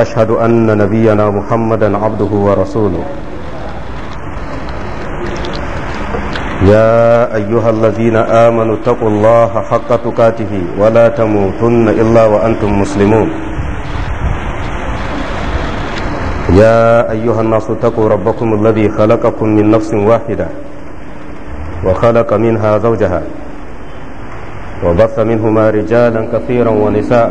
واشهد ان نبينا محمدا عبده ورسوله يا ايها الذين امنوا اتقوا الله حق تقاته ولا تموتن الا وانتم مسلمون يا ايها الناس اتقوا ربكم الذي خلقكم من نفس واحده وخلق منها زوجها وبث منهما رجالا كثيرا ونساء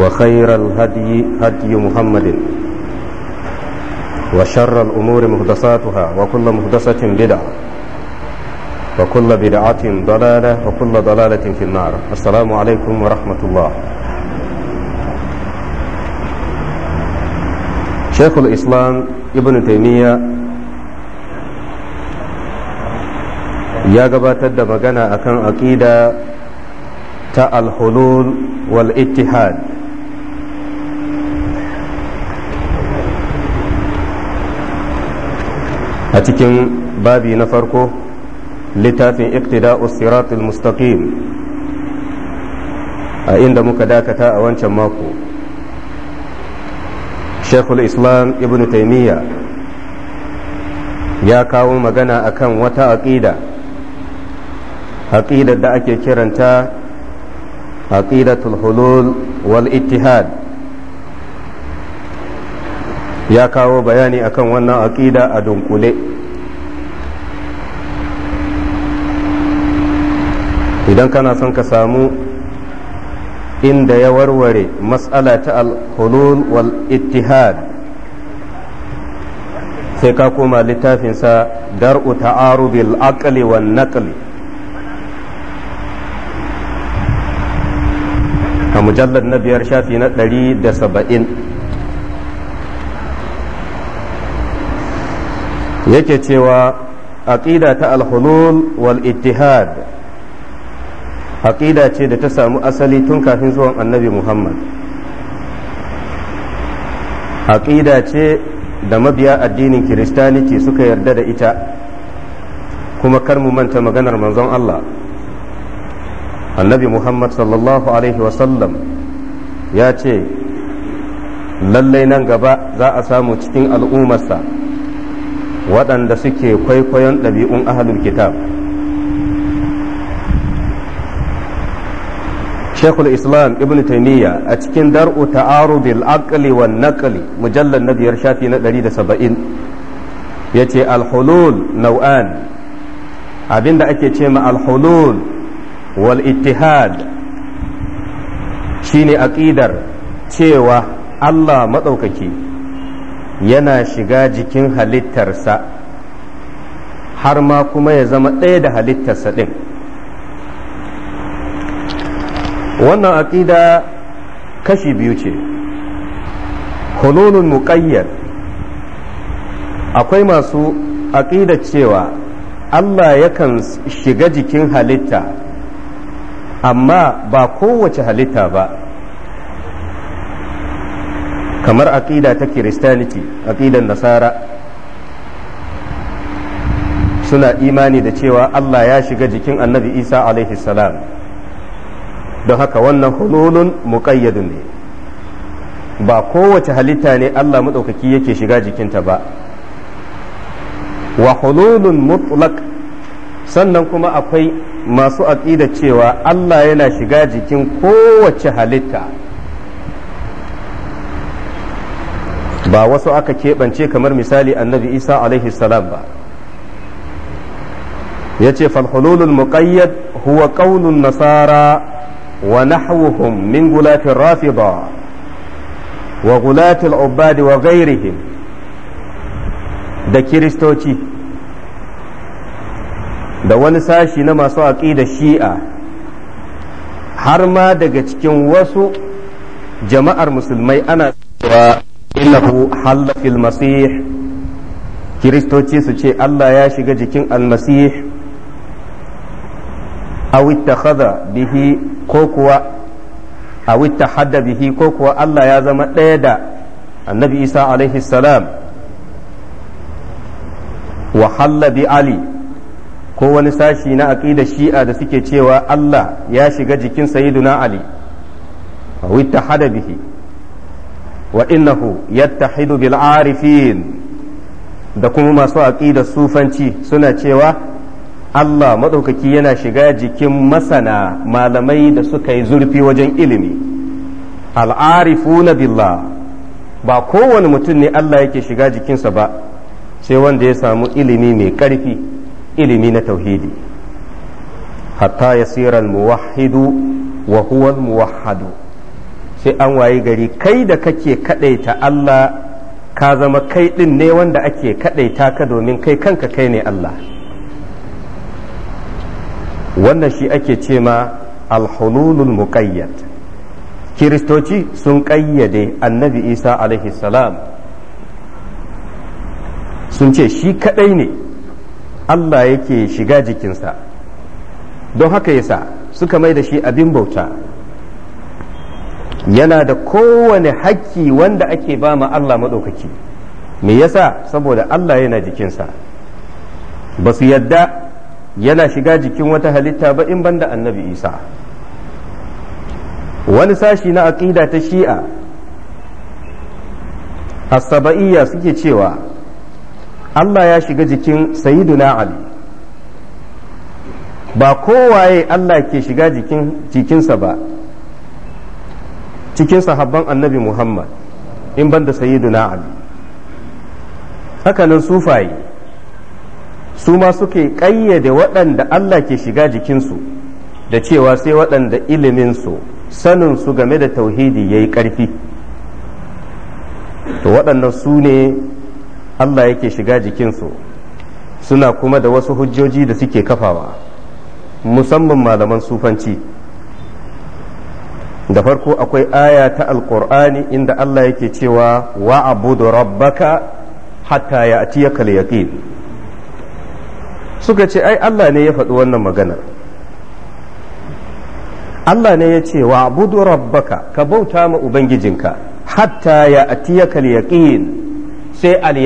وخير الهدي هدي محمد وشر الأمور مهدساتها وكل مهدسة بدعة وكل بدعة ضلالة وكل ضلالة في النار السلام عليكم ورحمة الله شيخ الإسلام ابن تيمية يا gabatar da magana أكيدا تا الحلول والاتحاد a cikin babi na farko littafin iktida'u siratul mustaqim a inda muka dakata a wancan mako shekul islam ibn taimiyya ya kawo magana akan wata aƙida aƙidar da ake kiranta aƙidatul hulul wal ittihad ya kawo bayani akan wannan aƙida a dunkule idan kana son ka samu inda ya warware matsala ta al-hulul wal ittihad sai ka koma littafinsa dar'u ta'arubil aqli wan naqli a mujallar na biyar shafi na ɗari saba'in yake cewa aƙida ta alhulul wal ittihad aƙida ce da ta samu asali tun kafin zuwan annabi muhammad aƙida ce da mabiya addinin kiristaniti suka yarda da ita kuma kar mu manta maganar manzon allah annabi muhammad sallallahu alaihi wasallam ya ce lallai nan gaba za a samu cikin al'ummarsa waɗanda suke kwaikwayon ɗabi'un ahalul kitab shekul islam ibn taimiyya a cikin dar'u ta'arudil aqli wa naqli mujallar na biyar shafi na 170 ya ce alhulul nau'an abinda ake ce ma alhulul wal ittihad shine aqidar cewa allah matsaukaki. yana shiga jikin halittarsa har ma kuma ya zama ɗaya da halittarsa ɗin wannan aƙida kashi biyu ce hululun muƙayyar akwai masu aƙida cewa Allah yakan shiga jikin halitta amma ba kowace halitta ba kamar aƙida ta kiristaniti aƙidan nasara suna imani da cewa allah ya shiga jikin annabi isa alaihi salam don haka wannan hululun muƙayyadun ne ba kowace halitta ne allah maɗaukaki yake shiga jikinta ba wa hululun mutlaq sannan kuma akwai masu aƙida cewa allah yana shiga jikin kowace halitta ba wasu aka keɓance kamar misali annabi isa alaihi salam ba ya ce falhululul muqayyad huwa ƙaunin nasara wa nahwuhum min gulatin rafida wa gulatil ubadi wa gairihim da kiristoci da wani sashi na masu aƙida shi'a har ma daga cikin wasu jama'ar musulmai ana cewa innahu halla fil masih kiristoci su ce Allah ya shiga jikin almasih aw ittakhadha bihi ko kuwa aw bihi ko kuwa Allah ya zama ɗaya da annabi Isa alaihi salam wa halla bi ali ko wani sashi na aqida shi'a da suke cewa Allah ya shiga jikin sayyiduna ali aw ittahada bihi wa innahu yattahidu bil arifin da kuma masu aqidar sufanci suna cewa Allah maɗaukaki yana shiga jikin masana malamai da suka yi zurfi wajen ilimi al'arifuna billah ba kowane mutum ne Allah yake shiga jikinsa ba sai wanda ya samu ilimi mai ƙarfi ilimi na tauhidi hatta yasira al-muwahhidu wa huwa al-muwahhadu sai an wayi gari kai da kake kadaita Allah ka zama kai din ne wanda ake kadaita ka domin kai kanka kai ne Allah wannan shi ake ce ma alhululul muqayyad kiristoci sun kayyade annabi isa alaihi salam sun ce shi kadai ne Allah yake shiga jikinsa don haka yasa suka mai da shi abin bauta yana da kowane hakki wanda ake ba ma Allah maɗaukaki me yasa saboda Allah yana jikinsa ba su yadda yana shiga jikin wata halitta ba in banda annabi isa wani sashi na aƙida ta shi'a asaba'iyya suke cewa Allah ya shiga jikin na ali ba kowaye Allah ke shiga jikinsa ba cikin sahabban annabi muhammad in ban da sayyiduna ali hakanan sufaye su ma suke kayyade waɗanda allah ke shiga jikinsu da cewa sai waɗanda iliminsu saninsu game da tauhidi ya yi ƙarfi to waɗannan su ne allah yake shiga jikinsu suna kuma da wasu hujjoji da suke kafawa musamman malaman sufanci da farko akwai aya ta alkur'ani inda Allah yake cewa wa abudu rabbaka hatta ya atiyakal yaqin suka ce ai Allah ne ya faɗi wannan magana Allah ne ya ce wa abudu rabbaka ka bauta ma ubangijinka hatta ya atiyakal yaqin sai al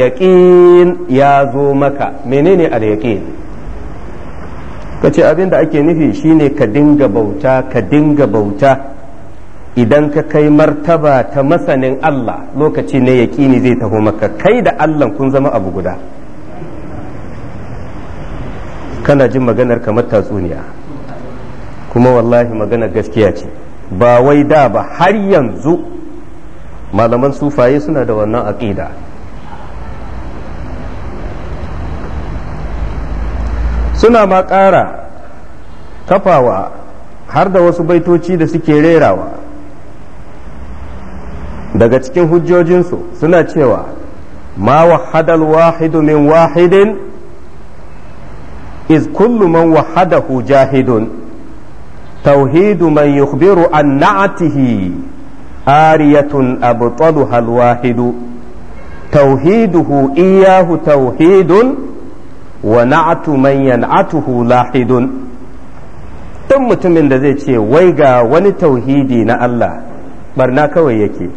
ya zo maka menene al yaqin ka ce abin da ake nufi shine ka dinga bauta ka dinga bauta idan ka kai martaba ta masanin Allah lokaci ne yaƙini zai taho maka kai da Allah kun zama abu guda kana jin maganar kamar tatsuniya kuma wallahi maganar gaskiya ce ba wai da ba har yanzu malaman sufaye suna da wannan aƙida suna ma ƙara kafawa har da wasu baitoci da suke rerawa daga cikin hujjojinsu suna cewa ma wahadal wahidu min wahidin iz kullu man wahadahu jahidun tauhidu man yukhbiru an na'atihi ariyatun abtaluha alwahidu tauhiduhu iyahu tauhidun wa na'atu man yan'atuhu lahidun duk mutumin da zai ce wai ga wani tauhidi na Allah barna kawai yake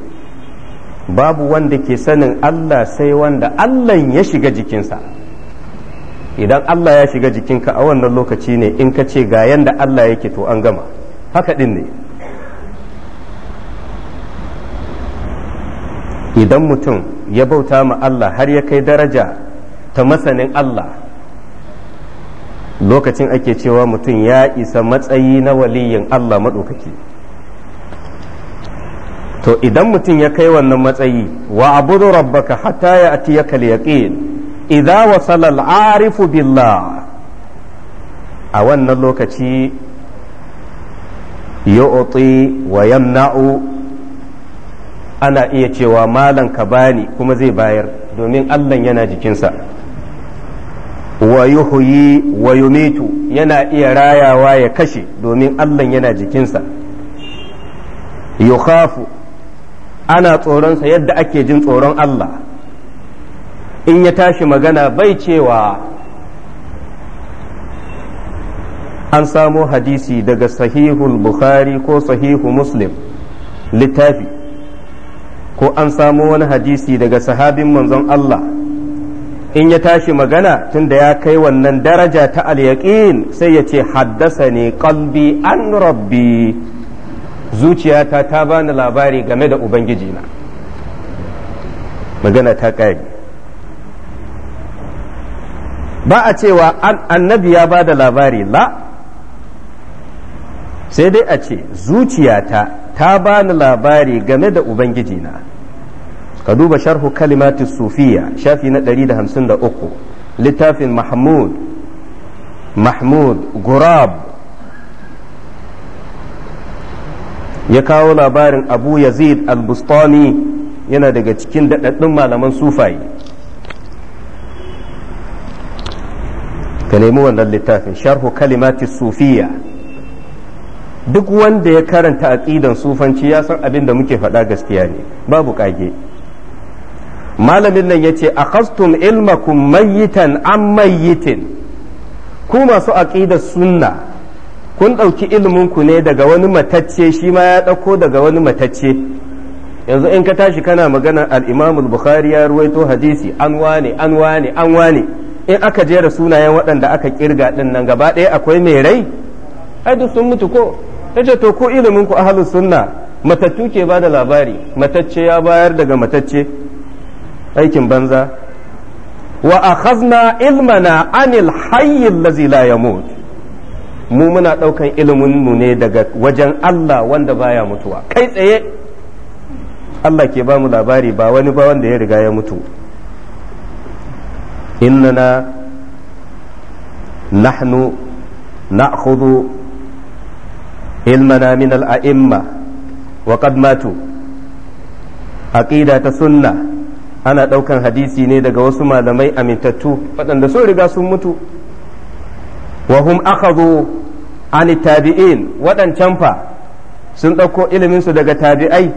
babu wanda ke sanin Allah sai wanda Allah ya shiga jikinsa idan Allah ya shiga jikinka a wannan lokaci ne in ka ce ga yanda Allah yake to an gama haka ɗin ne idan mutum ya bauta ma Allah har ya kai daraja ta masanin Allah lokacin ake cewa mutum ya isa matsayi na waliyin Allah maɗaukaki. to idan mutum ya kai wannan matsayi wa abudu rabbaka hatta ya atiyaka al-yaqin idza wasala al-arifu billah a wannan lokaci yu'ti wa yamna'u ana iya cewa malan ka bani kuma zai bayar domin Allah yana jikinsa wa yuhyi wa yumitu yana iya rayawa ya kashe domin Allah yana jikinsa yukhafu ana tsoronsa yadda ake jin tsoron Allah in ya tashi magana bai cewa an samo hadisi daga sahihul bukhari ko sahihu muslim littafi ko an samo wani hadisi daga sahabin manzon Allah in ya tashi magana tunda ya kai wannan daraja ta alyaƙin sai ya ce haddasa ne kalbi an rabbi zuciyata ta bani labari game da ubangijina magana ta ƙari ba a cewa annabi ya ba da labari la sai dai a ce zuciyata ta bani labari game da ubangijina ka duba sharhu kalimati sufiya shafi na 153 littafin mahmud mahmud gurab ya kawo labarin abu yazid al-bustani yana daga cikin daɗaɗɗun malaman sufaye ka nemi wannan littafin sharhu kalimati sufiya duk wanda ya karanta ƙidan sufanci ya san abin da muke faɗa gaskiya ne babu ƙage malamin nan ya ce a kastun ilmakun mayitan an mayitin ku masu ƙidan sunna kun ɗauki ku ne daga wani matacce shi ma ya ɗauko daga wani matacce yanzu in ka tashi kana magana al'imamul bukhari ya ruwaito hadisi an wane an wane an wane in aka jera sunayen waɗanda aka kirga ɗin nan gaba ɗaya akwai mai rai ai duk sun mutu ko ta ce to ko iliminku ahalus sunna matattu ke ba da labari matacce ya bayar daga matacce aikin banza wa akhazna ilmana anil hayy allazi la yamut mu muna ɗaukan ilimin mu ne daga wajen Allah wanda baya mutuwa kai tsaye Allah ke ba mu labari ba wani ba wanda ya riga ya mutu إننا نحن نأخذ علمنا wa qad matu ماتوا ta sunna ana ɗaukan hadisi ne daga wasu malamai amintattu waɗanda sun riga sun mutu wa hum akhadhu an tabi'in waɗancan fa sun ɗauko ilimin daga tabi'ai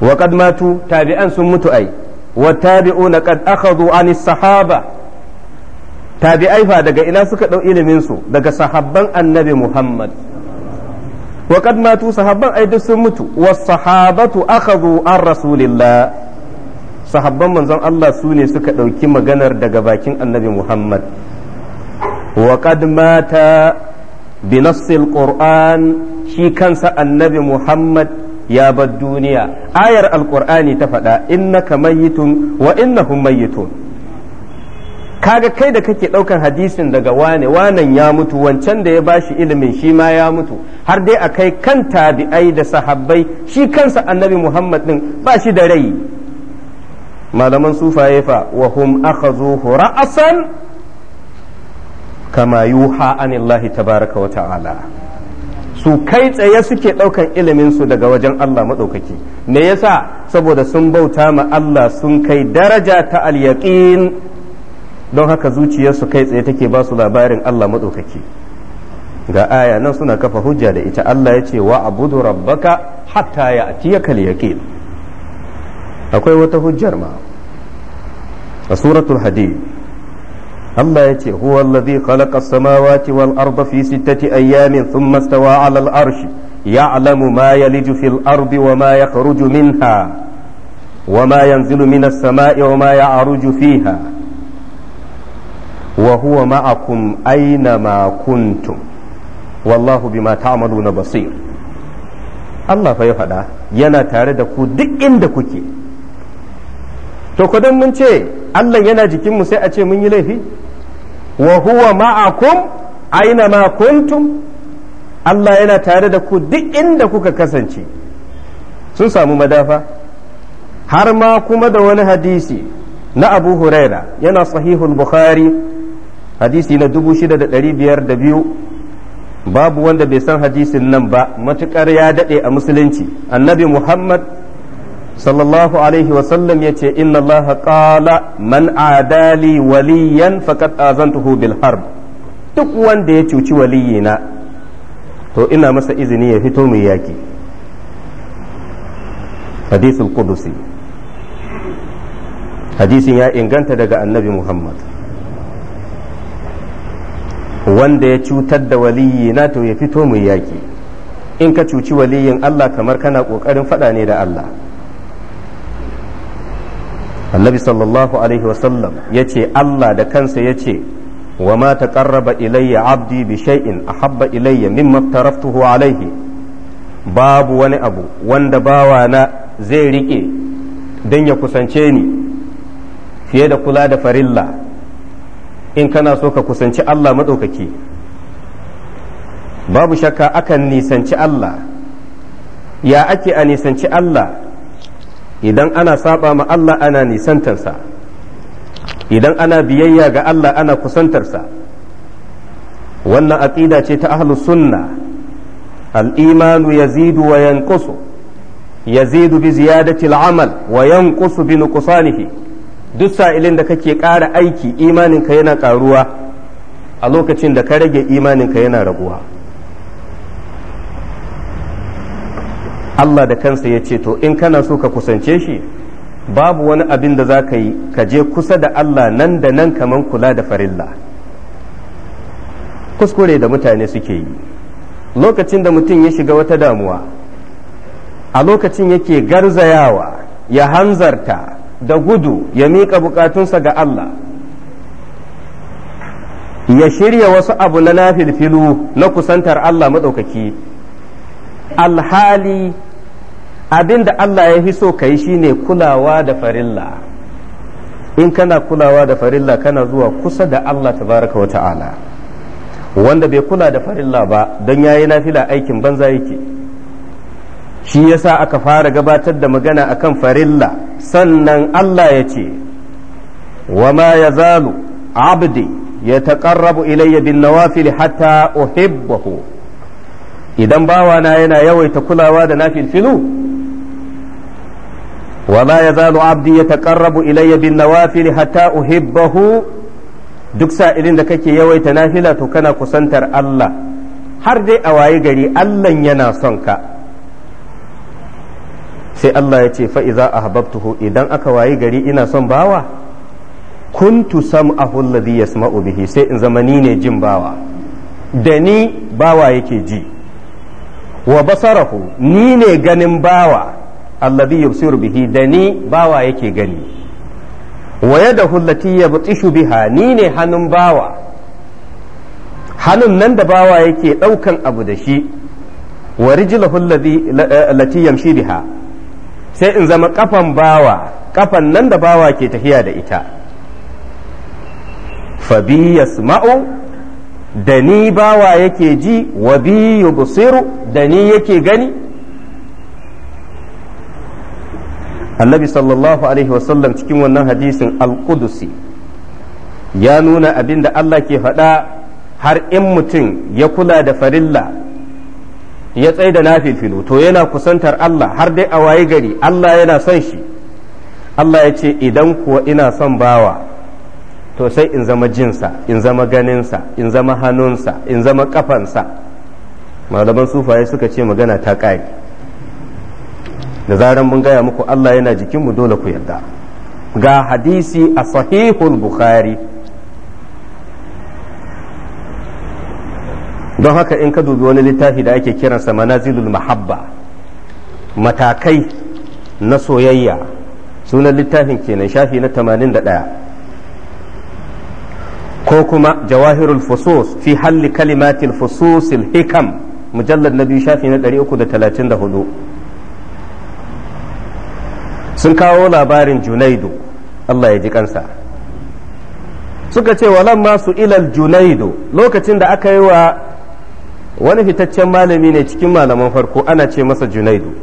wa matu tabi'an sun mutu ai wa tabi'una qad akhadhu an sahaba tabi'ai fa daga ina suka ɗau ilimin daga sahabban annabi Muhammad wa matu sahabban ai sun mutu was sahabatu akhadhu an rasulillah sahabban manzon Allah su ne suka ɗauki maganar daga bakin annabi Muhammad وقد مات بنص القرآن شي كان النبي محمد يا بالدنيا آية القرآن تفدا إنك ميت وإنهم ميتون kaga kai da kake ɗaukan hadisin daga wane wanan ya mutu wancan da ya bashi ilimin shi ma ya mutu har dai a kai kan tabi'ai da sahabbai shi kansa annabi muhammad din ba shi da rai malaman sufaye fa wa hum akhazuhu ra'asan kama yuha anillahi tabaraka wa ta'ala su kai tsaye suke ɗaukan iliminsu daga wajen Allah maɗaukaki me yasa saboda sun bauta ma Allah sun kai daraja ta alyaƙin don haka zuciyarsu kai tsaye take ba su labarin Allah maɗaukaki ga aya nan suna kafa hujja da ita Allah ya ce wa abudu rabbaka hatta ya atiyaka alyaqin akwai wata hujjar ma a suratul hadid Allah ya ce huwa allazi khalaqa as-samawati wal arda fi sittati ayyamin thumma istawa 'ala al-arsh ya'lamu ma yaliju fil ardi wa ma yakhruju minha wa ma yanzilu minas sama'i wa ma ya'ruju fiha wa huwa ma'akum aina ma kuntum wallahu bima ta'maluna basir Allah fa ya faɗa yana tare da ku duk inda kuke to kudan mun ce Allah yana jikinmu sai a ce mun yi laifi wa huwa ma'akum aina ma kuntum Allah yana tare da ku duk inda kuka kasance sun samu madafa har ma kuma da wani hadisi na Abu Huraira yana sahihul Bukhari hadisi na 6502 babu wanda bai san hadisin nan ba matukar ya dade a musulunci annabi Muhammad sallallahu alaihi wasallam ya ce inna allaha qala man adali waliyan faqad azantuhu bil harb duk wanda ya cuci waliyina to ina masa izini ya fito mu yaki hadithul qudusi hadisin ya inganta daga annabi muhammad wanda ya cutar da waliyina to ya fito mu yaki in ka cuci waliyin allah kamar kana kokarin fada ne da allah annabi sallallahu alaihi wasallam ya ce Allah da kansa ya ce wa mata taqarraba ilayya abdi bi shay'in ahabba ilayya mimma taraftuhu alaihi babu wani abu wanda bawa na zai rike don ya kusance ni fiye da kula da farilla in kana so ka kusanci Allah maɗaukaki babu shakka akan nisanci Allah ya ake a nisanci Allah idan ana saba ma Allah ana nisantarsa, idan ana biyayya ga Allah ana kusantarsa wannan aqida ce ta ahlus sunna al-imanu yazidu wa yanqusu yazidu bi ziyadati al-amal wa yanqusu bi nuqsanihi duk sa'ilin da kake ƙara aiki imaninka yana ƙaruwa a lokacin da ka rage imaninka yana raguwa Allah da kansa ya ce to in kana so ka kusance shi babu wani abin da za ka yi ka je kusa da Allah nan da nan kamar kula da farilla kuskure da mutane suke yi lokacin da mutum ya shiga wata damuwa a lokacin yake garzayawa ya hanzarta da gudu ya miƙa bukatunsa ga Allah ya shirya wasu abu na nafilfilu na kusantar Allah maɗaukaki alhali abin da Allah ya fi so ka yi shine kulawa da farilla in kana kulawa da farilla kana zuwa kusa da Allah ta baraka wa ta'ala wanda bai kula da farilla ba don yayi nafila aikin banza yake shi yasa aka fara gabatar da magana akan farilla sannan Allah ya ce wa ma zalu abdi ya ya ilayya bin nawafil hatta uhibbahu idan bawana yana yawaita kulawa da filu. wala ya zalu abdi ya taqarrabu ilayya bin nawafil hatta uhibbahu duk sa'ilin da kake yawaita nafila to kana kusantar Allah har dai a waye gari Allah yana son ka sai Allah ya ce fa'iza a hababtuhu idan aka waye gari ina son bawa kuntu sam'ahu alladhi yasma'u bihi sai in zama ni ne jin bawa da ni bawa yake ji wa basarahu ni ne ganin bawa alladhi yubsiru bihi dani bawa yake gani wa yadahu allati yabtishu biha ni ne hannun bawa hannun nan da bawa yake daukan abu da shi wa rijluhu allati yamshi biha sai in zama kafan bawa kafan nan da bawa ke tafiya da ita fa bi yasma'u dani bawa yake ji wa bi yubsiru dani yake gani annabi sallallahu alaihi wasallam cikin wannan hadisin al-qudusi ya nuna abin da Allah ke faɗa har in mutum ya kula da farilla ya tsai da filo to yana kusantar Allah har dai a waye gari Allah yana son shi Allah ya ce idan kuwa ina son bawa to sai in zama jinsa in zama ganinsa in zama hannunsa in zama kafansa malaman sufaye suka ce magana ta ƙari da zaran mun gaya muku Allah yana jikinmu dole ku yarda ga hadisi a sahihul bukhari don haka in ka dubi wani littafi da ake kiransa manazilul mahabba matakai na soyayya sunan littafin kenan shafi na 81 ko kuma jawahirul fusus fi halli kalimatil fususil hikam mujallar na biyu shafi na 334 sun kawo labarin junaidu Allah ya ji kansa suka ce walan masu ilal junaidu lokacin da aka yi wa wani fitaccen malami ne cikin malaman farko ana ce masa junaidu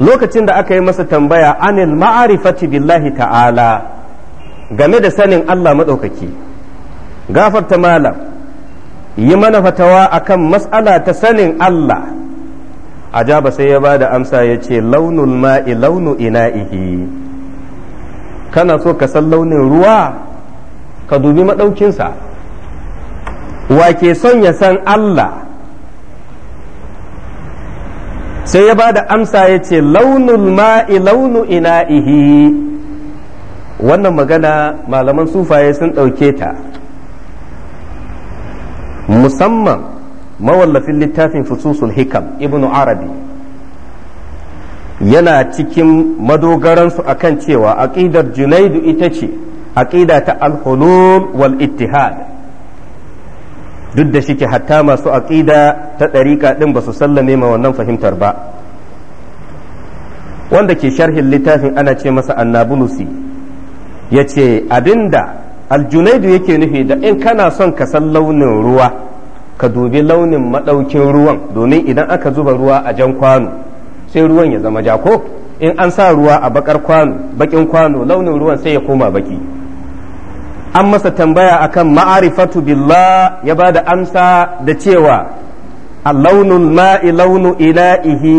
lokacin da aka yi masa tambaya anil ma'arifati billahi ta'ala game da sanin Allah maɗaukaki gafarta malam yi mana fatawa akan mas'ala ta sanin Allah ajaba sai ya bada amsa ya ce launul ma'i launu ina'ihi kana so ka san launin ruwa ka dubi maɗaukinsa wa ke son ya san Allah sai ya bada amsa ya ce launul ma'i launu ina'ihi wannan magana malaman sufaye sun ɗauke ta musamman mawallafin littafin fususul hikam ibn arabi yana cikin madogaransu akan cewa aqidar junaidu ita ce aqida ta al-hulul wal ittihad duk da shike hatta masu aqida ta ɗariƙa ɗin ba su sallame ma wannan fahimtar ba wanda ke sharhin littafin ana ce masa annabulusi ya ce abinda aljunaidu yake nufi da in kana son ka san launin ruwa ka dubi launin maɗaukin ruwan domin idan aka zuba ruwa a jan kwano sai ruwan ya zama ja ko in an sa ruwa a bakar kwano bakin kwano launin ruwan sai ya koma baki an masa tambaya akan ma'arifatu billah ya ba da amsa da cewa a launin ma'i launu ila'ihi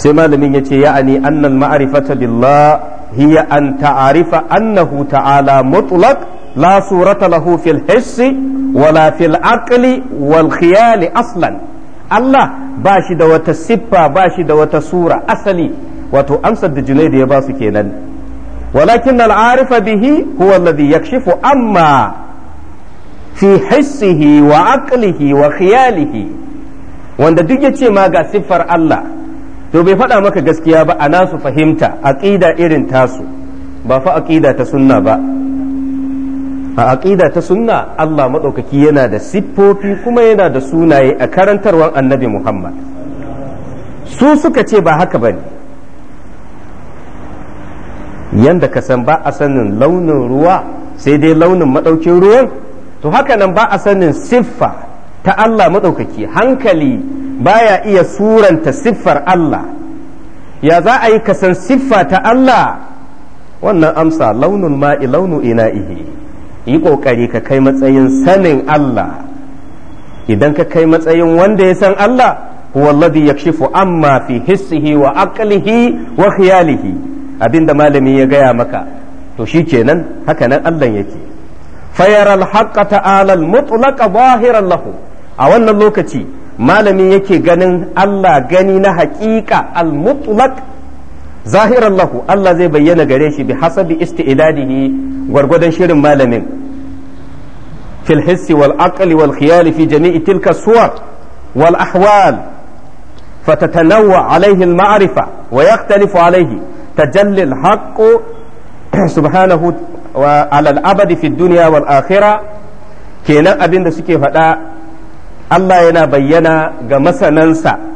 sai malamin ya ce ya'ani annal ma'arifata billah hiya an ta'arifa annahu ta'ala mutlaq la surata lahu fil hissi wala fil aqli wal khiyali aslan Allah ba shi da wata siffa ba shi da wata sura asali wato amsar da Junaid ya ba su kenan walakin al'arifa bihi huwa alladhi yakshifu amma fi hissihi wa aqlihi wa khiyalihi wanda duk ya ce ma ga siffar Allah to bai faɗa maka gaskiya ba a su fahimta aqida irin tasu ba fa aqida ta sunna ba a aƙida ta sunna Allah maɗaukaki yana da siffofi kuma yana da sunaye a karantarwar annabi Muhammad su suka ce ba haka ba ne yanda ka san ba a sanin launin ruwa sai dai launin maɗaukin ruwan to haka nan ba a sanin siffa ta Allah maɗaukaki hankali baya iya suranta siffar Allah ya za a yi kasan siffa ta Allah wannan amsa launin ma'i launu ihe? yi ƙoƙari ka kai matsayin sanin Allah idan ka kai matsayin wanda ya san Allah huwa alladhi yakshifu amma fi hissihi wa aqlihi wa khiyalihi abinda malami ya gaya maka to shikenan haka nan Allah yake fayara alhaqqa ta'ala al-mutlaqa zahiran lahu a wannan lokaci malamin yake ganin Allah gani na haƙiƙa al-mutlaq zahiran lahu Allah zai bayyana gare shi bi hasabi isti'dadihi gwargwadon shirin malamin fil hissi wal aqli wal khiyal fi jami'i tilka suwar wal ahwal fatatanawwa alayhi al ma'rifa wa yakhtalifu alayhi tajalli al haqq subhanahu wa ala al abadi fi dunya wal akhirah kenan abinda suke faɗa Allah yana bayyana ga masanansa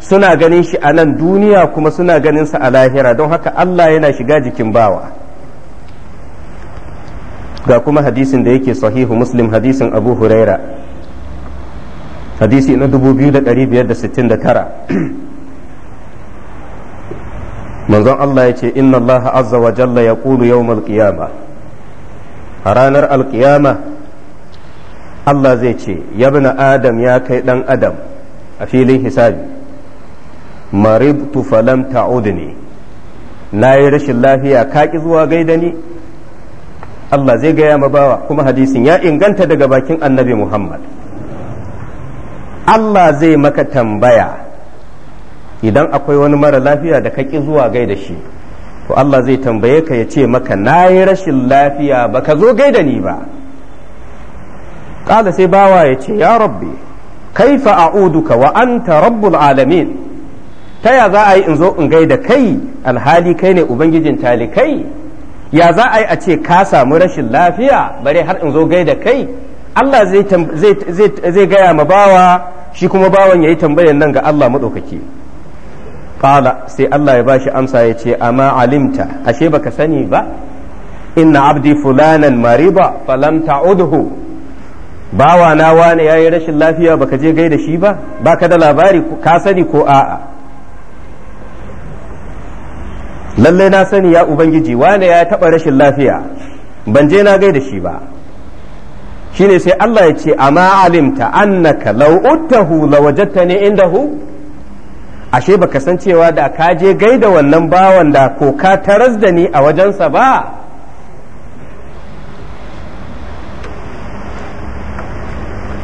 suna ganin shi a nan duniya kuma suna ganin sa a lahira don haka Allah yana shiga jikin bawa ga kuma hadisin da yake sahihu muslim hadisin abu huraira hadisi na 2569 manzon Allah ya ce inna Allah azza wa jalla ya kulu yau qiyama a ranar alkiyama Allah zai ce yabna adam ya kai dan adam a filin hisabi maridtu falam ne na yi rashin lafiya ka zuwa gaida ni Allah zai gaya ma bawa kuma hadisin ya inganta daga bakin annabi Muhammad Allah zai maka tambaya idan akwai wani mara lafiya da ka ƙi zuwa gaida shi to Allah zai tambaye ka ya ce maka na yi rashin lafiya ba ka zo gaida ni ba ƙala sai bawa ya ce ya rabbi kaifa a'uduka wa anta rabbul alamin ta ya za a yi in zo in gaida kai alhali kai ne ubangijin talikai ya za a yi a ce ka samu rashin lafiya bare har in zo gaida kai Allah zai gaya ma bawa shi kuma bawan ya yi tambayar nan ga Allah maɗaukaki ƙala sai Allah ya bashi amsa ya ce amma alimta ashe baka sani ba inna abdi fulanan mariba falam ta'udhu bawa na wane yayi rashin lafiya baka je gaida shi ba baka da labari ka sani ko a'a lallai na sani ya ubangiji wane ya taɓa rashin lafiya ban je na gaida shi ba shine sai Allah ya ce amma alimta annaka law uttahu lawajadtani indahu ashe baka san cewa da ka je gaida wannan bawan da ko ka taras da ni a wajensa ba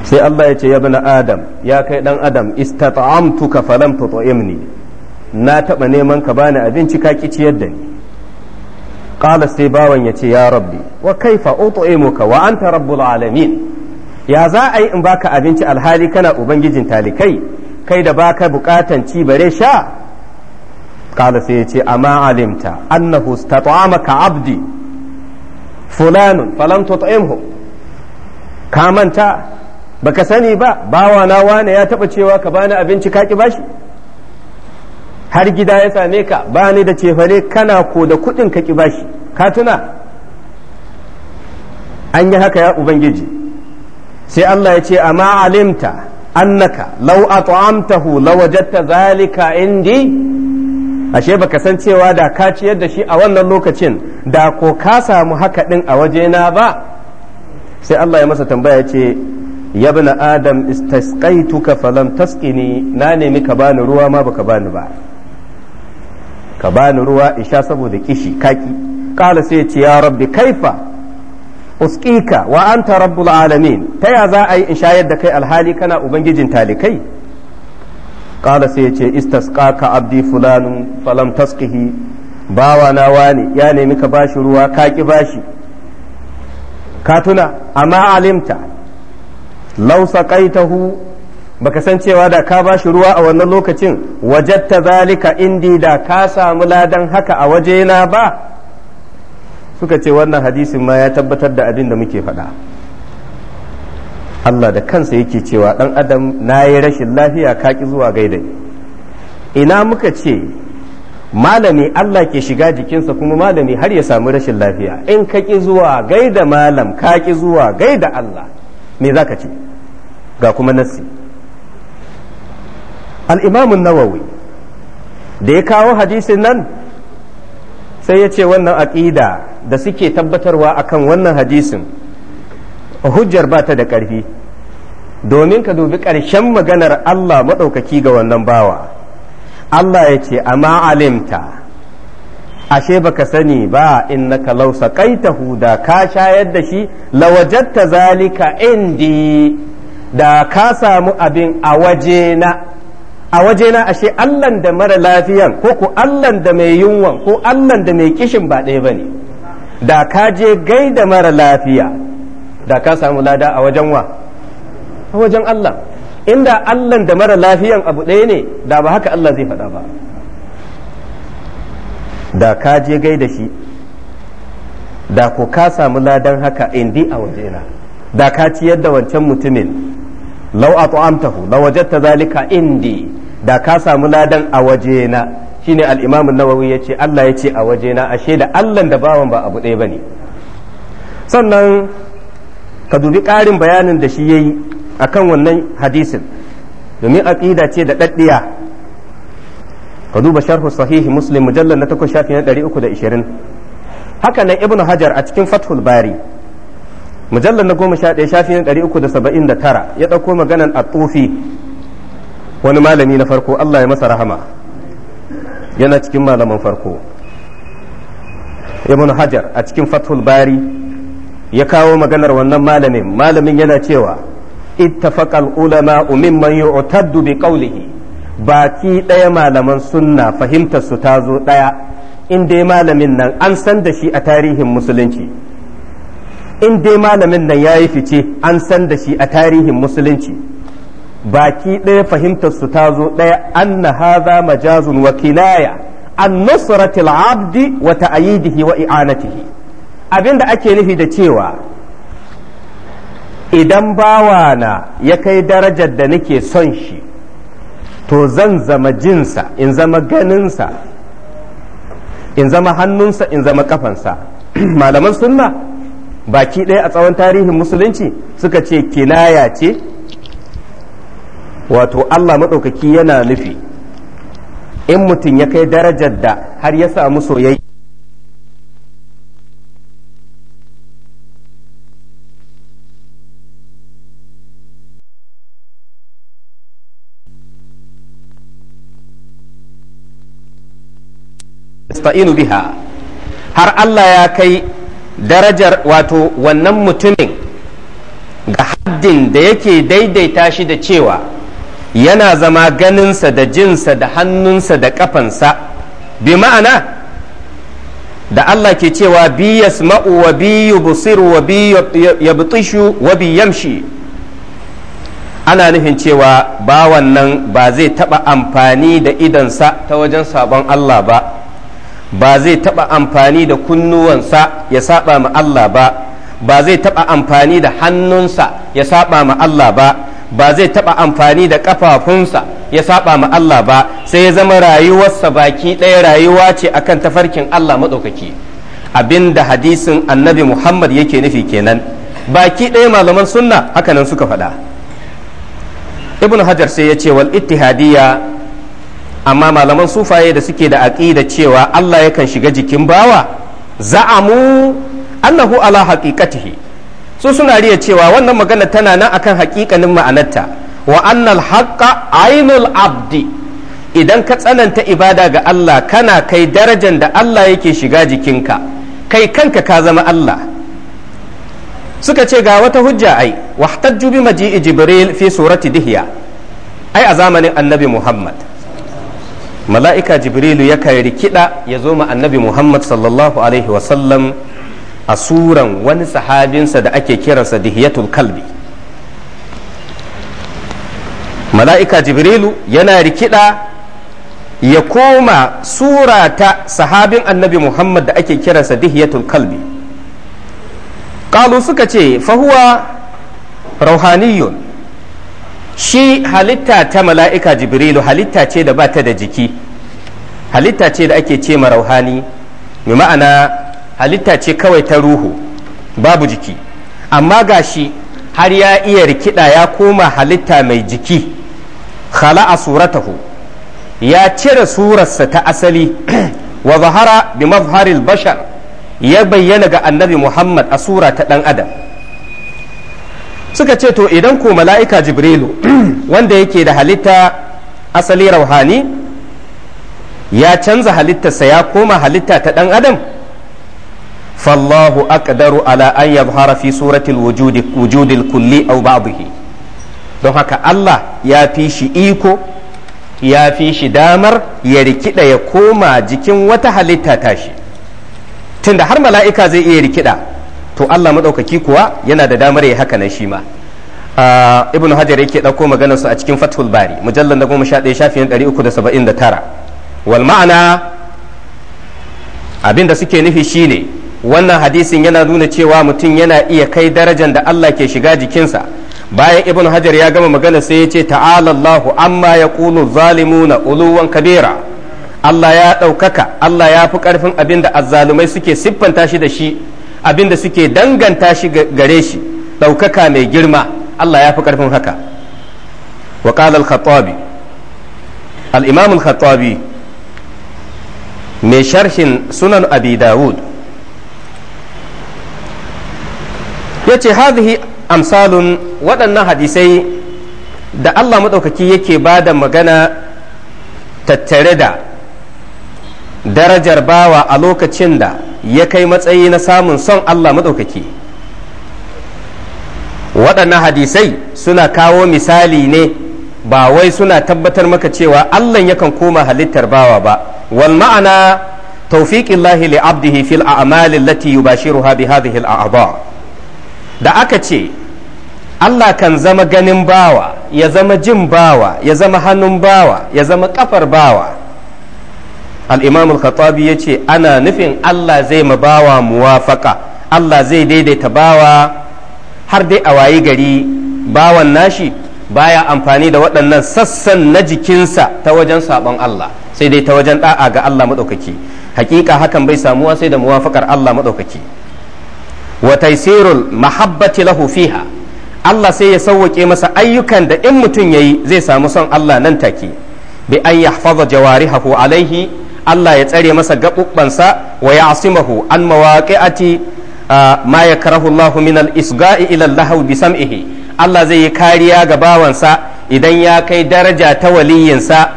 sai Allah ya ce ya bani adam ya kai dan adam istata'amtuka falam tut'imni na taɓa neman ka bani abinci ka ki ciyar da ni qala sai bawan ya ce ya rabbi wa kaifa ut'imuka wa anta rabbul alamin ya za a yi in baka abinci alhali kana ubangijin talikai kai da baka bukatan ci bare sha qala sai ya ce amma alimta annahu istat'amaka abdi fulanun falam tut'imhu ka manta baka sani ba bawana wane ya taɓa cewa ka bani abinci ka ki bashi har gida ya same ka ba ni da cefane kana ko da kuɗin ka ƙi bashi ka tuna an yi haka ya ubangiji sai Allah ya ce amma alimta annaka law at'amtahu lawajadta zalika indi ashe baka san cewa da ka ciyar da shi a wannan lokacin da ko ka samu haka din a wajena ba sai Allah ya masa tambaya ce ya bana adam istasqaituka falam taskini na nemi ka bani ruwa ma baka bani ba ka bani ruwa in sha saboda kishi kaki kala sai ce ya rabbi kaifa usqika wa anta rabbul alamin ta ya za a yi in shayar da kai alhali kana ubangijin talikai kala sai ce istasqaka abdi fulanun falam tasqihi bawa na wani ya nemi ka bashi ruwa kaki bashi ka tuna amma alimta law saqaitahu baka san cewa da ka ba shi ruwa a wannan lokacin wajatta zalika indi da ka samu ladan haka a waje na ba suka ce wannan hadisin ma ya tabbatar da abin da muke faɗa Allah da kansa yake cewa ɗan adam na yi rashin lafiya kaƙi zuwa gaida ina muka ce malami Allah ke shiga jikinsa kuma malami har ya samu rashin lafiya in ka ƙi zuwa gaida malam ka ƙi zuwa gaida Allah me za ka ce ga kuma nassi al'imamun nawawi da ya kawo hadisin nan sai ya ce wannan aƙida da suke tabbatarwa akan wannan hadisin hujjar ba ta da ƙarfi domin ka dubi ƙarshen maganar Allah maɗaukaki ga wannan bawa Allah ya ce amma alimta ashe baka sani ba innaka kai saqaitahu da ka shayar da shi lawajatta zalika indi da ka samu abin a waje na a wajena ashe allan da mara lafiyan ko ku allan da mai yunwan ko allan da mai kishin ba ɗaya ba ne. da ka je gai da mara lafiya da ka samu lada a wajen wa a wajen allah inda allan da mara lafiyan abu ɗaya ne da ba haka allah zai faɗa ba da ka je gai da shi da ku ka samu ladan haka indi a wajena da ka ciyar da wancan mutumin law at'amtahu wajen ta zalika indi da ka samu ladan a wajena shine al-imam an-nawawi yace Allah ya ce a wajena ashe da Allah da bawan ba abu ɗaya bane sannan ka dubi ƙarin bayanin da shi yayi akan wannan hadisin domin aqida ce da daddiya ka duba sharhu sahihi muslim mujallal na takwas shafi na 320 haka nan ibnu hajar a cikin fathul bari mujallar na goma sha ɗaya shafi na ɗari uku da saba'in da tara ya ɗauko maganan a tsofi wani malami na farko Allah ya masa rahama yana cikin malaman farko ibn hajar a cikin fathul bari ya kawo maganar wannan malamin malamin yana cewa ittafaqal ulama mimman yu'taddu bi qawlihi baki ɗaya malaman sunna fahimtar su ta zo ɗaya in dai malamin nan an san da shi a tarihin musulunci in dai malamin nan ya yi fice an san da shi a tarihin musulunci baki ɗaya fahimtar su ta zo ɗaya na haza majazun wa kinaya an nusratil abdi wa ta'yidihi wa i'anatihi abinda ake nufi da cewa idan bawa na ya kai darajar da nake son shi to zan zama jinsa in zama ganinsa in zama hannunsa in zama kafansa malaman sunna baki ɗaya a tsawon tarihin musulunci suka ce kinaya ce wato Allah maɗaukaki yana nufi in mutum ya kai darajar da har ya samu soyayya biha har Allah ya kai darajar wato wannan mutumin ga haddin da yake daidaita shi da cewa yana zama ganinsa da jinsa da hannunsa da kafansa bi ma'ana da Allah ke cewa bi yasma'u wa bi yubsiru wa bi yabtishu wa bi yamshi ana nufin cewa ba wannan ba zai taɓa amfani da idansa ta wajen sabon Allah ba ba zai taɓa amfani da kunnuwansa ya saba ma Allah ba ba zai taɓa amfani da hannunsa ya saɓa ma Allah ba ba zai taɓa amfani da ƙafafunsa ya saɓa ma Allah ba sai ya zama rayuwarsa baki ɗaya rayuwa ce akan tafarkin Allah maɗaukaki abinda hadisin annabi Muhammad yake nufi kenan baki ɗaya malaman sunna hakanan suka faɗa ibnu hajar sai ya ce wal ittihadiyya amma malaman sufaye da suke da aƙida cewa Allah yakan shiga jikin bawa za'amu annahu ala haqiqatihi su suna riya cewa wannan magana tana nan akan haƙiƙanin ma'anarta wa annal haqqa abdi idan ka tsananta ibada ga Allah kana kai darajar da Allah yake shiga jikinka kai kanka ka zama Allah suka ce ga wata hujja ai wahtajju bi maji'i jibril fi surati dihya ai a zamanin annabi muhammad mala'ika jibrilu yakan rikida ya zo ma annabi muhammad sallallahu alaihi wasallam a suran wani sahabinsa da ake kiransa dihiyatul kalbi mala'ika jibrilu yana rikida ya koma sura ta sahabin annabi muhammad da ake kiransa dihiyatul kalbi ƙalu suka ce fahuwa rauhaniyun shi halitta ta mala'ika jibrilu halitta ce da ba ta da jiki halitta ce da ake ce ma rauhani mai ma'ana halitta ce kawai ta ruhu babu jiki amma ga shi har ya iya rikida ya koma halitta mai jiki a suratahu ya cire surarsa ta asali wa zahara bi mazharil bashar ya bayyana ga annabi muhammad a sura ta dan adam suka ce to idan ko mala'ika jibrilu wanda yake da halitta asali rauhani ya canza halittarsa ya koma halitta ta ɗan adam fallahu aqdaru ala an yadhhara fi suratil wujudil kulli aw ba'dihi don haka Allah ya fi shi iko ya fi shi damar ya rikida ya koma jikin wata halitta tashi tunda har mala'ika zai iya rikida to Allah madaukaki kuwa yana da damar ya haka nan shi ma ah, ibn hajar yake ɗauko maganar su a cikin fathul bari mujallal na 11 shafin 379 wal ma'ana abinda suke nufi shine wannan hadisin yana nuna cewa mutum yana iya kai darajar da Allah ke shiga jikinsa bayan ibnu hajar ya gama maganar sai ya ce ta'ala Allahu amma ya kulu zalimuna uluwan kabira Allah ya ɗaukaka Allah ya fi ƙarfin abin da azzalumai suke siffanta shi da shi abin da suke danganta shi gare shi ɗaukaka mai girma Allah ya fi ƙarfin haka wa al khattabi al-imam al-khattabi mai sharhin sunan abi dawud ya ce hadhihi amsalun waɗannan hadisai da Allah maɗaukaki yake ba da magana tattare da darajar bawa a lokacin da ya kai matsayi na samun son Allah maɗaukaki waɗannan hadisai suna kawo misali ne ba wai suna tabbatar maka cewa Allah yakan koma halittar bawa ba wal ma'ana tawfiqin lahi li abdihi fil a'malin lati yubashiruha bi hadhihi al da aka ce Allah kan zama ganin bawa ya zama jin bawa ya zama hannun bawa ya zama kafar bawa al-imam al-khattabi ana nufin Allah zai mabawa muwafaka Allah zai daidaita bawa har dai a wayi gari bawan nashi baya amfani da waɗannan sassan na jikinsa ta wajen sabon Allah sai dai ta wajen ɗa'a ga Allah maɗaukaki hakika hakan bai samuwa sai da muwafakar Allah maɗaukaki. wa taisirul mahabbati lahu fiha Allah sai ya sauwake masa ayyukan da in mutum yayi zai samu son Allah nan take bi an yahfaza jawarihahu alaihi Allah ya tsare masa gaɓuɓɓansa wa ya asimahu an mawaƙi'ati ah, ma ya karahu Allahu min al-isga'i ila Allah bi sam'ihi Allah zai yi kariya ga bawansa idan ya kai daraja ta waliyinsa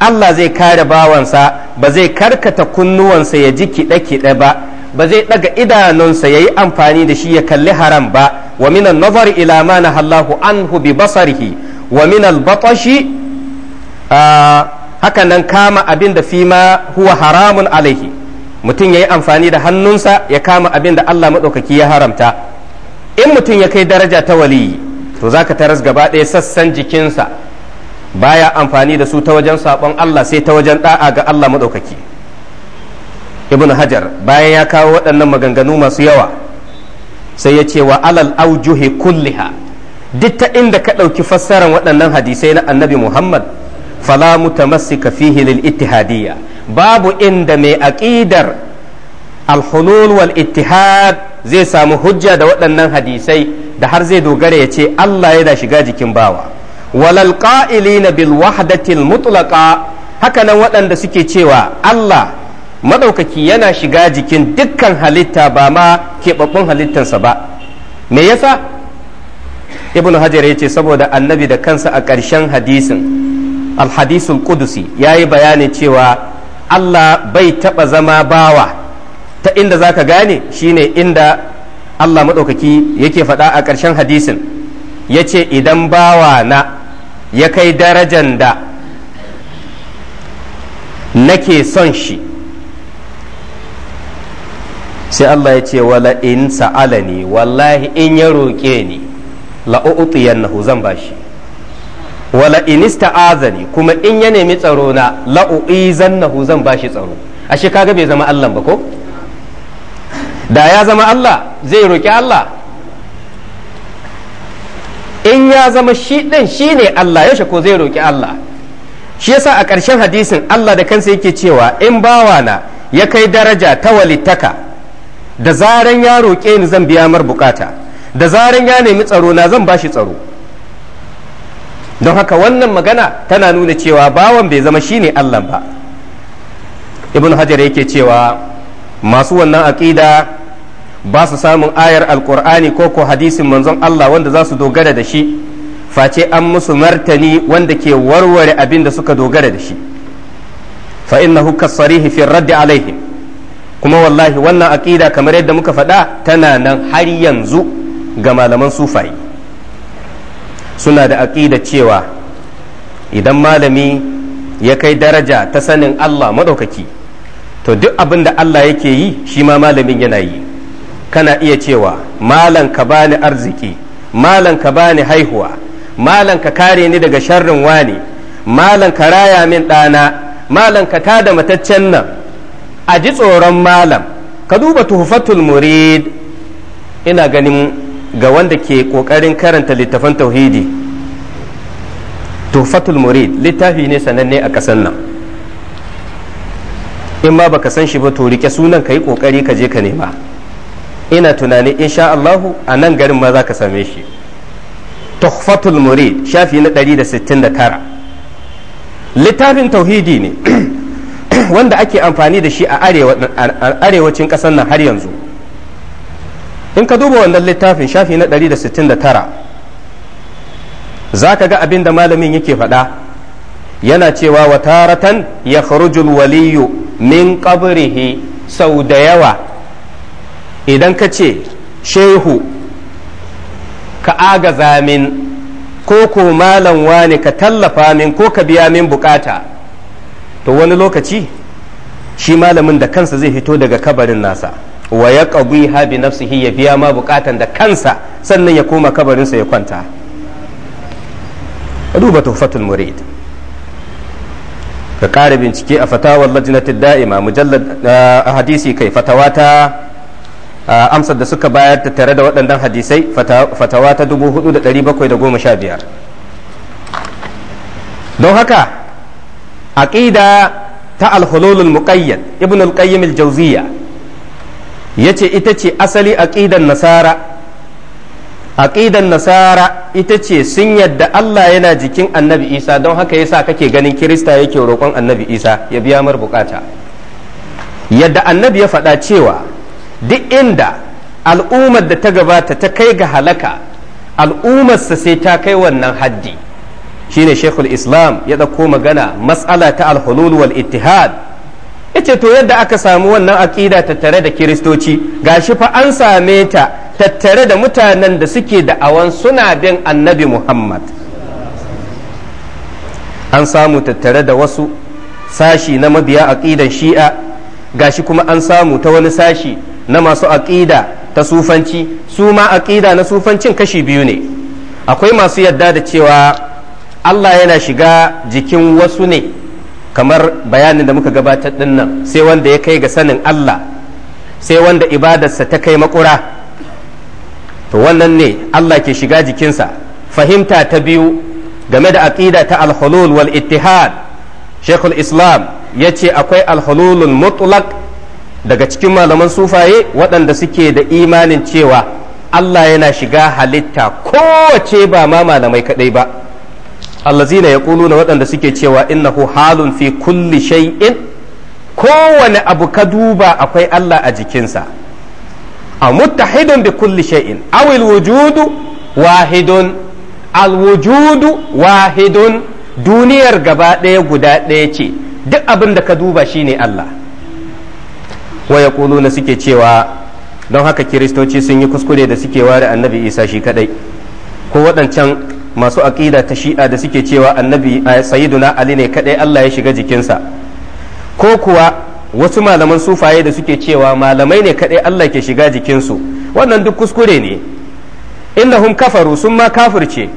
Allah zai kare bawansa ba zai karkata kunnuwansa ya ji kiɗe-kiɗe ba ba zai ɗaga idanunsa ya yi amfani da shi ya kalli haram ba wa minan nazar ila ma nahallahu anhu bi basarihi wa min minal batashi ah, haka nan kama abin da fima huwa haramun alaihi mutum ya yi amfani da hannunsa ya kama abin da Allah maɗaukaki ya haramta in mutum ya kai daraja ta waliyi to za ka taras gaba ɗaya sassan jikinsa baya amfani da su ta wajen saɓon Allah sai ta wajen ɗa'a ga Allah maɗaukaki ibn hajar bayan ya kawo waɗannan maganganu masu yawa sai ya ce wa alal aujuhi kulliha duk ta inda ka ɗauki fassarar waɗannan hadisai na annabi muhammad fala mutamassika fihi lil ittihadiyya babu inda mai aqidar al-hulul wal ittihad zai samu hujja da waɗannan hadisai da har zai dogara ya ce Allah ya da shiga jikin bawa walal qa'ilina bil wahdatil mutlaqa hakanan waɗanda suke cewa Allah madaukaki yana shiga jikin dukkan halitta ba ma keɓaɓɓun halittansa ba me yasa ibnu hajar ya ce saboda annabi da kansa a ƙarshen hadisin alhadisul kudusi ya yi bayani cewa Allah bai taɓa zama bawa ta inda za ka gane shine inda Allah maɗaukaki yake faɗa a ƙarshen hadisin ya ce idan bawa na ya kai darajan da nake son shi sai Allah ya ce wala in sa'alani wallahi in ya roke ni la'u'tiyannahu zan bashi wala inista azani kuma in ya nemi tsaro na la'u'izannahu zan bashi tsaro ashe kaga bai zama Allah ba ko da ya zama Allah zai roki Allah in ya zama shi din shine Allah yaushe ko zai roki Allah shi yasa a ƙarshen hadisin Allah da kansa yake cewa in bawa na ya kai daraja ta walittaka da zaran ya roƙe ni zan biya mar bukata da zaran ya nemi tsaro na zan bashi tsaro don haka wannan magana tana nuna cewa bawan bai zama shine Allah ba ibn hajar yake cewa masu wannan aƙida ba su samun ayar alkur'ani ko ko hadisin manzon Allah wanda za su dogara da shi face an musu martani wanda ke warware abin da suka dogara da shi fa innahu kasarihi fi raddi alaihim kuma wallahi wannan aƙida kamar yadda muka faɗa tana nan har yanzu ga malaman sufayi suna da aƙida cewa idan malami ya kai daraja ta sanin Allah maɗaukaki to duk abin da Allah yake yi shi ma malamin yana yi kana iya cewa malan ka bani arziki malan ka bani haihuwa malan ka kare ni daga sharrin wani malan ka raya min ɗana malan ka tada mataccen nan a ji tsoron malam ka duba tuhufatul murid ina ganin ga wanda ke ƙoƙarin karanta littafan tauhidi tufatul murid littafi ne sananne a ƙasan nan in ma baka san shi ba to rike sunan ka yi ƙoƙari ka je ka nema ina tunani insha Allahu a nan garin ma za ka same shi tufatul murid shafi na 169 littafin tauhidi ne wanda ake amfani da shi a arewacin ƙasar nan har yanzu in ka duba wannan littafin shafi na 169 za ka ga abin da malamin yake faɗa yana cewa wa taratan ya waliyu min qabrihi sau da yawa idan ka ce shehu ka agaza min ko ko malam wani ka tallafa min ko ka biya min bukata to wani lokaci shi malamin da kansa zai fito daga kabarin nasa wa ya ƙabi ha nafsihi ya biya ma bukatan da kansa sannan ya koma kabarinsa ya kwanta duba tuhfatul murid ka ƙara bincike a fatawar lajinatul da'ima mujallad a ah, hadisi kai fatawa ta ah, amsar da suka bayar ta tare da waɗannan hadisai fatawa ta 4715 don haka aƙida ta al muƙayyad ibn al-qayyim yace ita ce asali aqidan nasara aqidan nasara ita ce sun yadda Allah yana jikin annabi Isa don haka yasa kake ganin Kirista yake roƙon annabi Isa ya biya mar bukata yadda annabi ya faɗa cewa duk inda al'ummar da ta gabata ta kai ga halaka al'ummarsa sai ta kai wannan haddi shine shekul islam ya ɗauko magana matsala ta alhulul wal ittihad yace to yadda aka samu wannan aƙida tattare da kiristoci gashi fa an same ta tattare da mutanen da suke da'awan suna bin annabi muhammad an samu tattare da wasu sashi na mabiya aƙidan shi'a gashi kuma an samu ta wani sashi na masu aƙida ta sufanci su ma aƙida na sufancin kashi biyu ne akwai masu yadda da cewa allah yana shiga jikin wasu ne kamar bayanin da muka gabatar ɗin nan sai wanda ya kai ga sanin Allah sai wanda ibadarsa ta kai makura to wannan ne Allah ke shiga jikinsa fahimta ta biyu game da aƙida ta alhulul wal ittihad shekul Islam ya ce akwai alhululun hululul daga cikin malaman sufaye waɗanda suke da imanin cewa Allah yana shiga halitta kowace ba ma malamai kaɗai ba allazina yaquluna waɗanda suke cewa innahu halun fi kulli shay'in kowane abu ka duba akwai Allah a jikinsa a muttahidun bi kulli shay'in awil wujudu wahidun al wujudu wahidun duniyar gaba ɗaya guda ɗaya ce duk abin da ka duba shine Allah wa yaquluna suke cewa don haka kiristoci sun yi kuskure da suke ware annabi Isa shi kadai ko waɗancan masu aƙida ta shi'a da suke cewa annabi sayyiduna ali ne kadai Allah ya shiga jikinsa ko kuwa wasu malaman sufaye da suke cewa malamai ne kadai Allah ke shiga jikinsu wannan duk kuskure ne innahum kafaru sun ma kafirce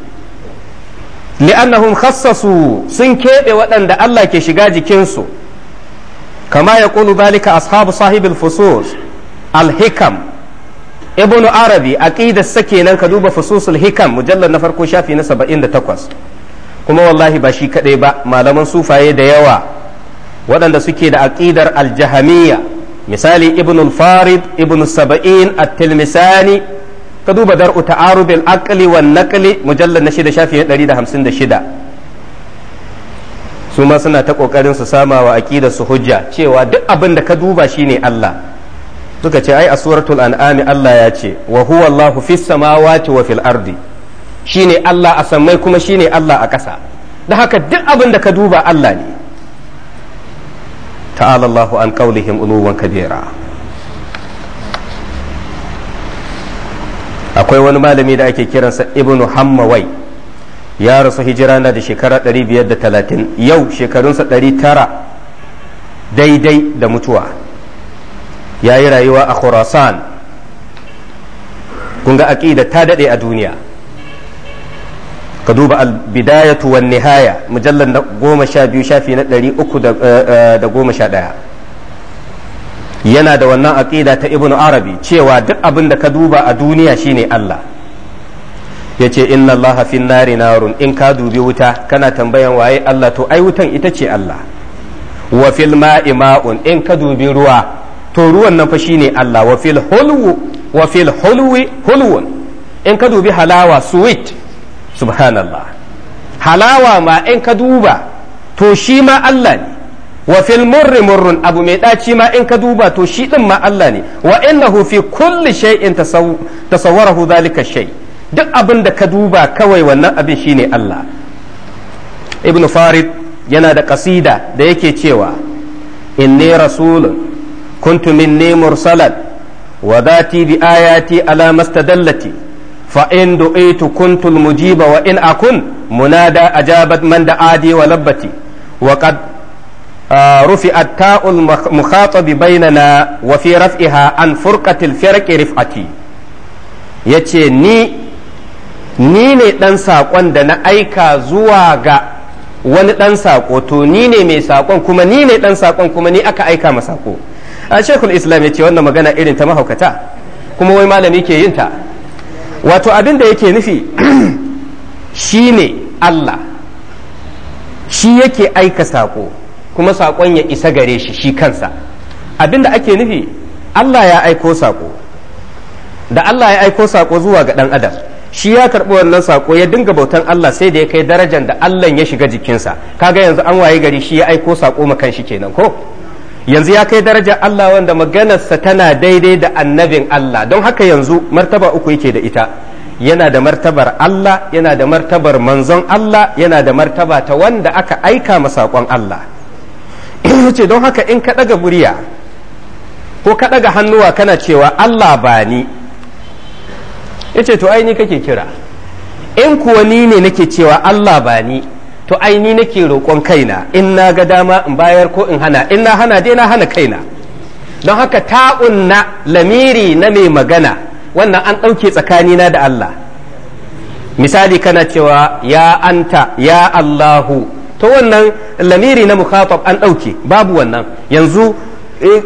li'annahum khassasu sun keɓe waɗanda Allah ke shiga jikinsu kama ya ƙulu zalika ashabu sahibul fusus al-hikam ibnu arabi aqidar sa kenan ka duba fususul hikam mujallar na farko shafi na 78 kuma wallahi ba shi kadai ba malaman sufaye da yawa waɗanda suke da aqidar aljahamiyya misali ibnu farid ibnu saba'in at-tilmisani ka duba dar'u ta'arubil aqli wan naqli mujallar na shida shafi 156 su ma suna ta kokarin su samawa wa aqidar su hujja cewa duk abin da ka duba shine Allah suka ce ai a suratul an'ami Allah ya ce wa huwa Allahu fis samawati wa fil ardi shine Allah a sammai kuma shine Allah a ƙasa da haka duk abin da ka duba Allah ne ta'ala Allahu an qaulihim uluwan kabira akwai wani malami da ake kiransa ibnu hammawai ya rasu hijira na da shekara 530 yau shekarunsa 900 daidai da mutuwa ya yi rayuwa a khurasan kun ga aƙida ta daɗe a duniya ka duba albidayatu wan nihaya mujallar na goma sha biyu shafi na ɗari uku da eh, goma sha ɗaya yana da wannan aƙida ta ibnu arabi cewa duk abin da ka duba a duniya shine allah yace ce inna allah fin nari narun in ka dubi wuta kana tambayan waye allah to ai wutan ita ce allah wa fil ma'i ma'un in ka dubi ruwa to ruwan nan fa shine Allah wa fil hulwu wa fil hulwi hulwun in ka dubi halawa sweet subhanallah halawa ma in ka duba to shi ma Allah ne wa fil murri murrun abu mai daci ma in ka duba to shi din ma Allah ne wa innahu fi kulli shay'in tasawwarahu dhalika shay duk abin da ka duba kawai wannan abin shine Allah ibnu farid yana da kasida da yake cewa inni rasulun كنت مني مرسلا وذاتي بآياتي على ما استدلتي فإن دعيت كنت المجيب وإن أكن منادى أجابت من دعادي ولبتي وقد رفعت تاء المخاطب بيننا وفي رفعها عن فرقة الفرق رفعتي yace ni ni ne ɗan saƙon da na aika zuwa ga wani ɗan saƙo to ni ne mai saƙon kuma ni ne ɗan saƙon kuma ni aka aika ma saƙo a shekul islam ya ce wannan magana irin ta mahaukata kuma wai malami ke yin ta wato abin da yake nufi shine Allah shi yake aika saƙo kuma saƙon ya isa gare shi shi kansa abin da ake nufi Allah ya aiko saƙo da Allah ya aiko saƙo zuwa ga ɗan adam shi ya karɓi wannan saƙo ya dinga bautan Allah sai da ya kai darajar da Allah ya shiga jikinsa kaga yanzu an waye gari shi ya aiko saƙo ma kan shi kenan ko yanzu ya kai darajar Allah wanda maganarsa tana daidai da annabin Allah don haka yanzu martaba uku yake da ita yana da martabar Allah yana da martabar manzon Allah yana da martaba ta wanda aka aika masakon Allah ce don haka in ka ɗaga murya ko ka ɗaga hannuwa kana cewa Allah ba ni yace to ai ni kake kira in kuwa ni ne nake cewa Allah ba ni to ai ni nake roƙon kaina in na ga dama in bayar ko in hana in na hana dai na hana kaina don haka ta'un na lamiri na mai magana wannan an ɗauke tsakanina da Allah misali kana cewa ya anta ya Allahu to wannan lamiri na mukhatab an ɗauke babu wannan yanzu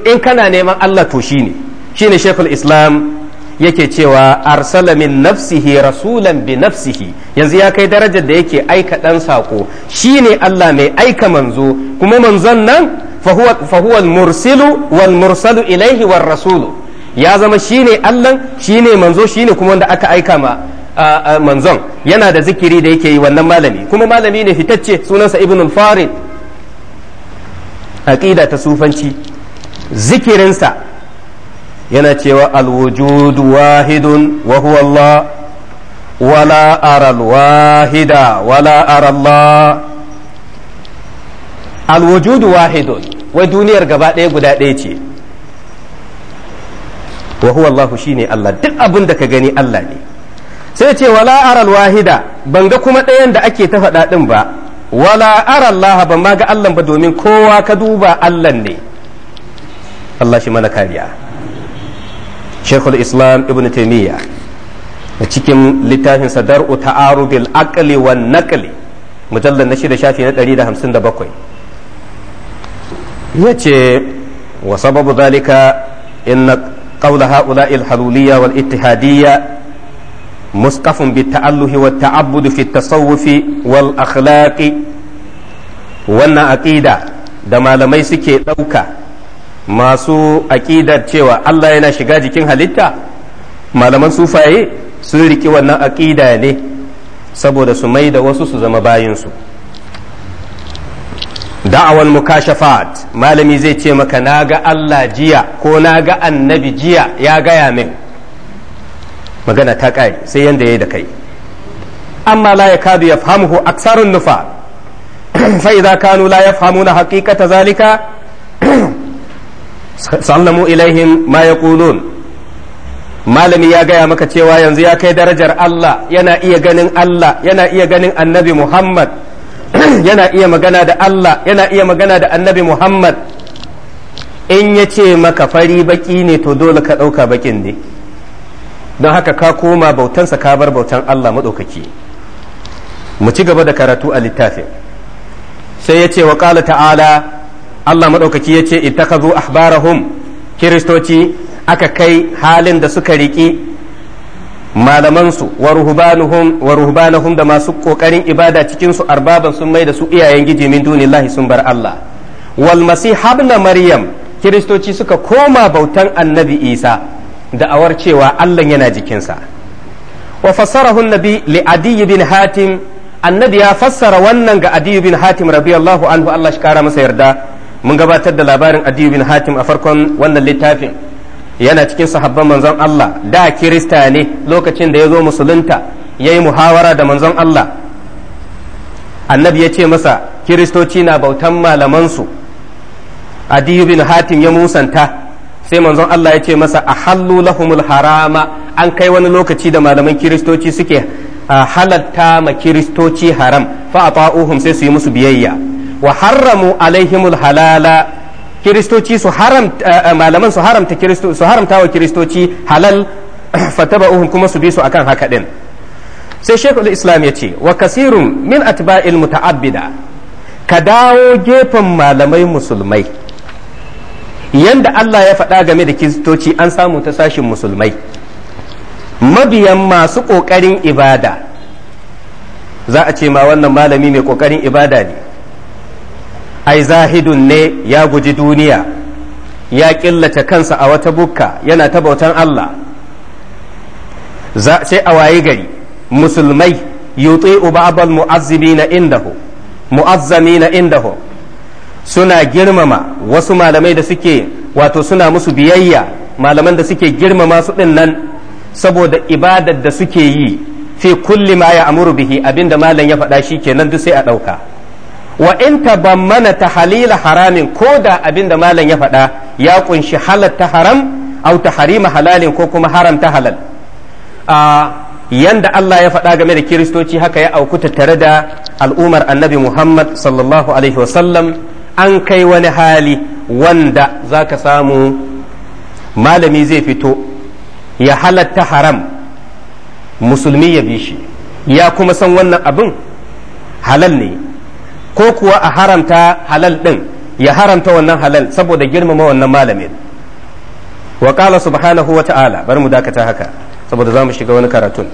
in kana neman Allah to shine shine shekul islam yake cewa arsala min nafsihi rasulan bi nafsihi yanzu ya kai darajar da yake aika dan sako shine Allah mai aika manzo kuma manzon nan fa huwa mursilu wal mursalu ilaihi war rasulu ya zama shine Allah shine manzo shine kuma wanda aka aika ma manzon yana da zikiri da yake yi wannan malami kuma malami ne fitacce sunansa ibnul farid aqida ta sufanci zikirinsa yana cewa alwujud wahidun wa huwa Allah wala aral wahida wala ara Allah alwujud wahidun wai duniyar gaba ɗaya guda ɗaya ce wa huwa Allah shine Allah duk abin da ka gani Allah ne sai ce wala ara wahida ban ga kuma ɗayan da ake ta faɗa ɗin ba wala ara Allah ban ma ga Allah ba domin kowa ka duba Allah ne Allah shi mana kariya shekul islam ibn taimiyya da cikin littafin sadar ta'arudil akali wan nakali mujallar na shida shafi na 157 yace wa sababu zalika inna qawla ha'ula'il haluliyya wal ittihadiyya مسقف بالتأله fi في wal akhlaqi wannan aƙida da malamai suke ɗauka masu aƙidar cewa Allah yana shiga jikin halitta malaman sufaye sun riki wannan aƙida ne saboda su mai da wasu su zama bayinsu da'awan mukashafat malami zai ce maka na ga Allah jiya ko na ga annabi jiya ya gaya min magana ta kai sai yanda ya da kai amma la ya kadu ya fahimu aksarun nufa fa idza kanu la yafhamuna haqiqata zalika sallamu ilaihim ma yaqulun malami ya gaya maka cewa yanzu ya kai darajar Allah yana iya ganin Allah yana iya ganin annabi Muhammad yana iya magana da Allah yana iya magana da annabi Muhammad in ya ce maka fari baki ne to dole ka ɗauka bakin ne don haka ka koma bautansa ka bar bautan Allah mu maɗaukaki mu ci gaba da karatu a littafin sai ya ce wa ta'ala Allah maɗaukaki ya ce ittakazu ahbarahum kiristoci aka kai halin da suka riƙi malamansu wa ruhbanuhum wa ruhbanuhum da masu ƙoƙarin ibada cikin su arbaban sun mai da su iyayen giji min dunillahi sun bar Allah wal masih ibn maryam kiristoci suka koma bautan annabi isa da awar cewa Allah yana jikinsa wa fassarahu nabi li adi bin hatim annabi ya fassara wannan ga adi bin hatim radiyallahu anhu Allah shi kara masa yarda mun gabatar da labarin adiyu bin hatim a farkon wannan littafin yana cikin sahabban manzon Allah da kirista ne lokacin da ya zo musulunta ya yi muhawara da manzon Allah annabi ya ce masa kiristoci na bautan malamansu adiyu bin hatim ya musanta sai manzon Allah ya ce masa a hallu lahumul harama an kai wani lokaci da malaman kiristoci suke ah, halatta ma kiristoci haram fa a sai su yi musu biyayya wa haramu alaihimul halala kiristoci su haramta eh, eh, malaman su haramta kiristo su haramta wa kiristoci halal fataba'uhum kuma su bi su akan haka din sai shekul islam ya ce wa kasirun min atba'il muta'abbida ka dawo gefen malamai musulmai yanda Allah ya faɗa game da kiristoci an samu ta sashin musulmai mabiyan masu ƙoƙarin ibada za a ce ma wannan malami mai ƙoƙarin ibada ne ai zahidun ne ya guji duniya ya killace kansa a wata bukka yana ta bautan Allah sai a wayi gari musulmai yuti'u ba'dal mu'azzimina indahu mu'azzamina indahu suna girmama wasu malamai da suke wato suna musu biyayya malaman da suke girmama su din nan saboda ibadar da suke yi fi kulli ma ya amuru bihi abinda malam ya faɗa shi kenan duk sai a ɗauka wa in ta halila haramin ko da abin da malam ya faɗa ya kunshi halatta haram au ta harima halalin ko kuma haram ta halal a yanda Allah ya faɗa game da kiristoci haka ya auku tattare da al'umar annabi Muhammad sallallahu alaihi wasallam an kai wani hali wanda za ka samu malami zai fito ya halatta haram musulmi ya bi shi ya kuma san wannan abin halal ne ko kuwa a haramta halal ɗin ya haramta wannan halal saboda girmama wannan malamin wa qala subhanahu wa ta'ala bari mu dakata haka saboda za mu shiga wani karatun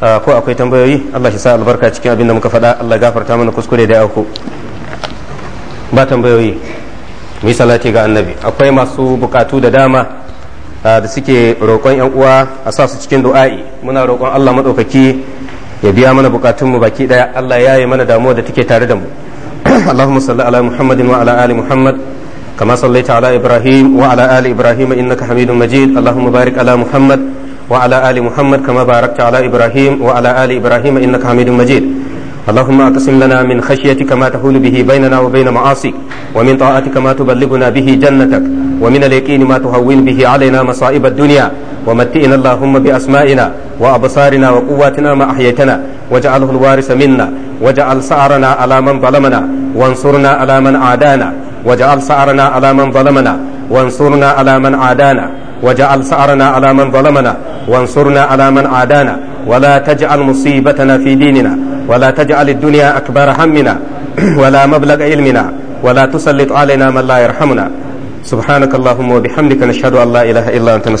ah, ko akwai tambayoyi Allah shi sa albarka cikin abin da muka faɗa Allah gafarta mana kuskure da auku ba tambayoyi mu salati ga annabi akwai masu bukatu da dama ah, da suke roƙon yan uwa a sa su cikin du'a'i muna roƙon Allah madaukaki ya biya mana bukatunmu baki daya Allah ya yi mana damuwa da take tare da mu اللهم صل على محمد وعلى آل محمد كما صليت على إبراهيم وعلى آل إبراهيم إنك حميد مجيد اللهم بارك على محمد وعلى آل محمد كما باركت على إبراهيم وعلى آل إبراهيم إنك حميد مجيد اللهم اقسم لنا من خشيتك ما تحول به بيننا وبين معاصيك ومن طاعتك ما تبلغنا به جنتك ومن اليقين ما تهون به علينا مصائب الدنيا ومتئنا اللهم بأسمائنا وأبصارنا وقواتنا ما أحييتنا واجعله الوارث منا وجعل سعرنا على من ظلمنا وانصرنا على من عادانا وجعل سعرنا على من ظلمنا وانصرنا على من عادانا وجعل سعرنا على من ظلمنا وانصرنا على من عادانا ولا تجعل مصيبتنا في ديننا ولا تجعل الدنيا أكبر همنا ولا مبلغ علمنا ولا تسلط علينا من لا يرحمنا سبحانك اللهم وبحمدك نشهد أن لا إله إلا أنت نستغفرك